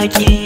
aquí.